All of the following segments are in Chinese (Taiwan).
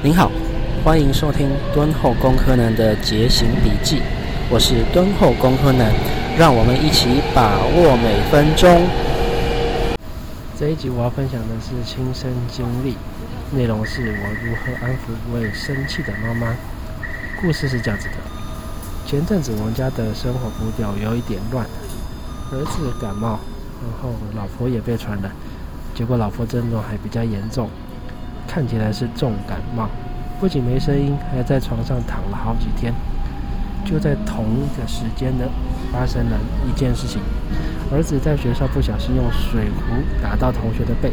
您好，歡迎收聽敦厚工科男的節行筆記，我是敦厚工科男，讓我們一起把握每分鐘。這一集我要分享的是親身經歷，內容是我如何安撫一位生氣的媽媽。故事是這樣子的，前陣子我們家的生活步調有一點亂，兒子感冒，然後老婆也被傳染，結果老婆症狀還比較嚴重。看起來是重感冒，不僅沒聲音，還在床上躺了好幾天。就在同一個時間呢，發生了一件事情：兒子在學校不小心用水壺打到同學的背，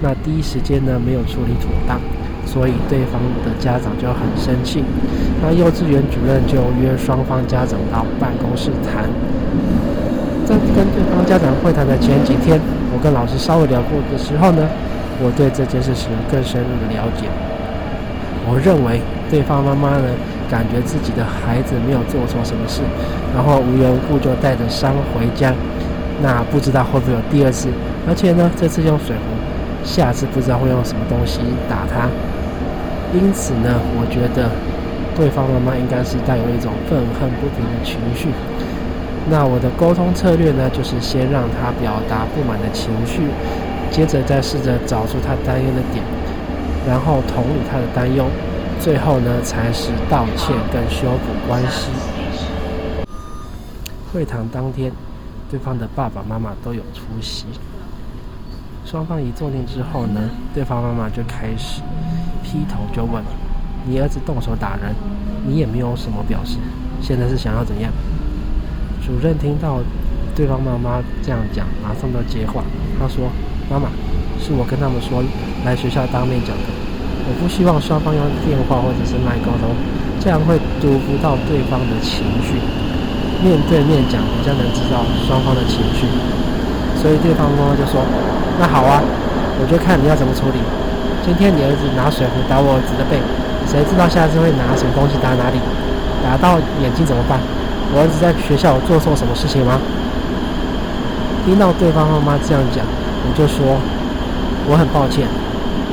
那第一時間呢，沒有處理妥當，所以對方的家長就很生氣。那幼稚園主任就約雙方家長到辦公室談。在跟對方家長會談的前幾天，我跟老師稍微聊過的時候呢。我對這件事情有更深入的了解。我認為對方媽媽呢，感覺自己的孩子沒有做錯什麼事，然後無緣無故就帶着傷回家，那不知道會不會有第二次？而且呢，這次用水壺，下次不知道會用什麼東西打他。因此呢，我覺得對方媽媽應該是帶有一種憤恨不平的情緒。那我的溝通策略呢，就是先讓他表達不滿的情緒。接着再試着找出他擔憂的點，然後同理他的擔憂，最後呢才是道歉跟修補關係。 會談當天，對方的爸爸媽媽都有出席。雙方一坐定之後呢，對方媽媽就開始劈頭就問：“你兒子動手打人，你也沒有什麼表示，現在是想要怎樣？”主任聽到。對方媽媽這樣講，馬上都接話。她說：“媽媽，是我跟他們說來學校當面講的。我不希望雙方用電話或者是麥溝通，這樣會讀不到對方的情緒。面對面講比較能知道雙方的情緒。所以對方媽媽就說：那好啊，我就看你要怎麼處理。今天你兒子拿水壺打我兒子的背，誰知道下次會拿什麼東西打哪裡？打到眼睛怎麼辦？我兒子在學校做錯什麼事情嗎？”聽到對方媽媽這樣講，我就說：“我很抱歉，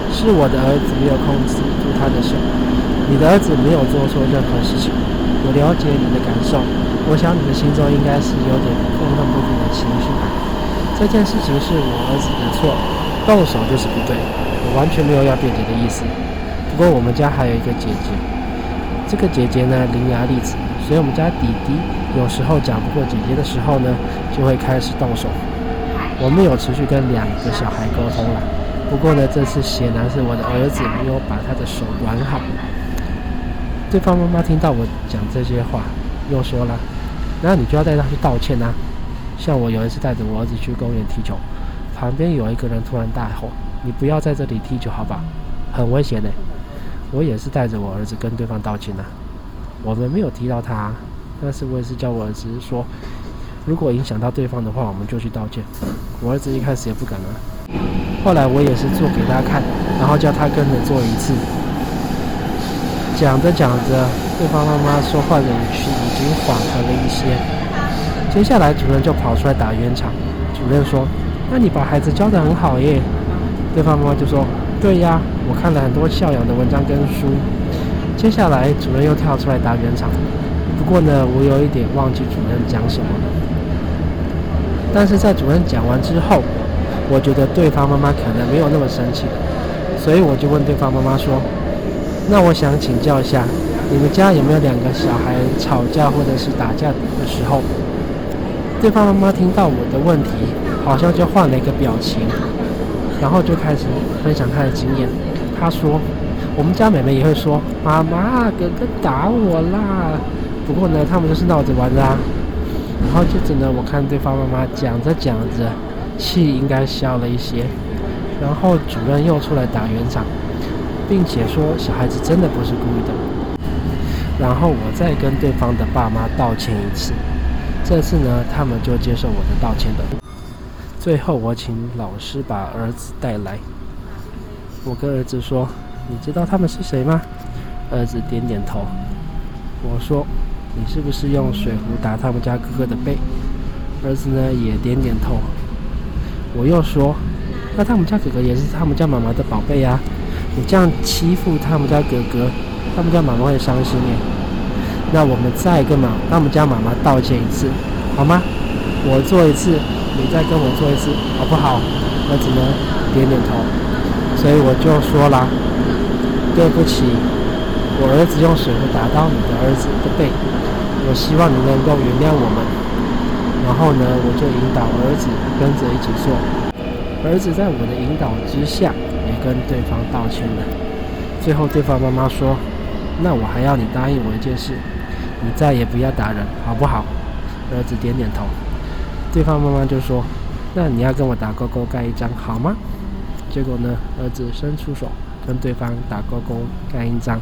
是我的兒子沒有控制住他的手。你的兒子沒有做錯任何事情。我了解你的感受，我想你的心中應該是有點憤憤不平的情緒吧。這件事情是我兒子的錯，動手就是不對。我完全沒有要辯解的意思。不過我們家還有一個姐姐，這個姐姐呢，伶牙俐齒。”所以，我們家弟弟有時候講不過姐姐的時候呢，就會開始動手。我們有持續跟兩個小孩溝通了，不過呢，這次顯然是我的兒子沒有把他的手管好。對方媽媽聽到我講這些話，又說了：“那你就要帶他去道歉啊！”像我有一次帶着我兒子去公園踢球，旁邊有一個人突然大吼：“你不要在這裡踢球好吧，很危險的！”我也是帶着我兒子跟對方道歉了啊。我們沒有提到他，但是我也是叫我兒子說，如果影響到對方的話，我們就去道歉。我兒子一開始也不敢啊，後來我也是做給他看，然後叫他跟着做一次。講着講着，對方媽媽說話的情緒已經緩和了一些。接下來主任就跑出來打圓場，主任說：“那你把孩子教得很好耶。”對方媽媽就說：“對呀，我看了很多教養的文章跟書。”接下來，主任又跳出來打圓場。不過呢，我有一點忘記主任講什麼了。但是在主任講完之後，我覺得對方媽媽可能沒有那麼生氣，所以我就問對方媽媽說：“那我想請教一下，你們家有沒有兩個小孩吵架或者是打架的時候？”對方媽媽聽到我的問題，好像就換了一個表情，然後就開始分享她的經驗。她說。我們家妹妹也會說：“媽媽，哥哥打我啦！”不過呢，他們就是鬧着玩的啊。然後接着呢，我看對方媽媽講着講着，氣應該消了一些。然後主任又出來打圓場，並且說：“小孩子真的不是故意的。”然後我再跟對方的爸媽道歉一次。這次呢，他們就接受我的道歉的。最後，我請老師把兒子帶來。我跟兒子說。你知道他們是誰嗎？兒子點點頭。我說：“你是不是用水壺打他們家哥哥的背？”兒子呢也點點頭。我又說：“那他們家哥哥也是他們家媽媽的寶貝呀，你這樣欺負他們家哥哥，他們家媽媽會傷心耶。那我們再跟媽，跟我們家媽媽道歉一次，好嗎？我做一次，你再跟我做一次，好不好？”兒子呢點點頭。所以我就說啦。對不起，我兒子用水壺打到你的兒子的背，我希望你能夠原諒我們。然後呢，我就引導兒子跟着一起做，兒子在我的引導之下也跟對方道歉了。最後，對方媽媽說：“那我還要你答應我一件事，你再也不要打人，好不好？”兒子點點頭。對方媽媽就說：“那你要跟我打勾勾，蓋一章好嗎？”結果呢，兒子伸出手。跟對方打勾勾，蓋印章，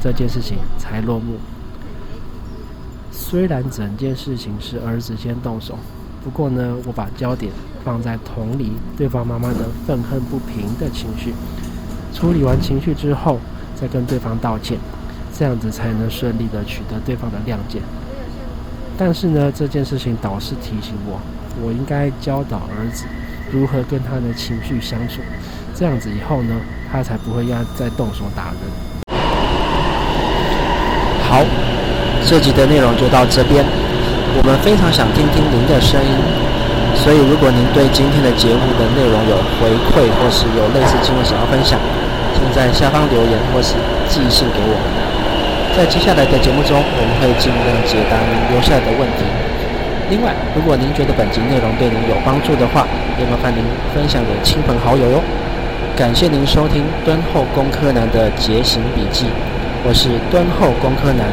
這件事情才落幕。雖然整件事情是兒子先動手，不過呢，我把焦點放在同理對方媽媽的憤恨不平的情緒。處理完情緒之後，再跟對方道歉，這樣子才能順利地取得對方的諒解。但是呢，這件事情導師提醒我，我應該教導兒子如何跟他的情緒相處，這樣子以後呢。他才不會要再動手打人。好，這集的內容就到這邊。我們非常想聽聽您的聲音，所以如果您對今天的節目的內容有回饋，或是有類似經驗想要分享，請在下方留言或是寄信給我們。在接下來的節目中，我們會盡量解答您留下來的問題。另外，如果您覺得本集內容對您有幫助的話，也麻煩您分享給親朋好友喲。感謝您收聽敦厚工科男的節行筆記，我是敦厚工科男，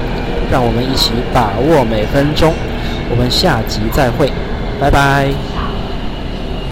讓我們一起把握每分鐘，我們下集再會，拜拜。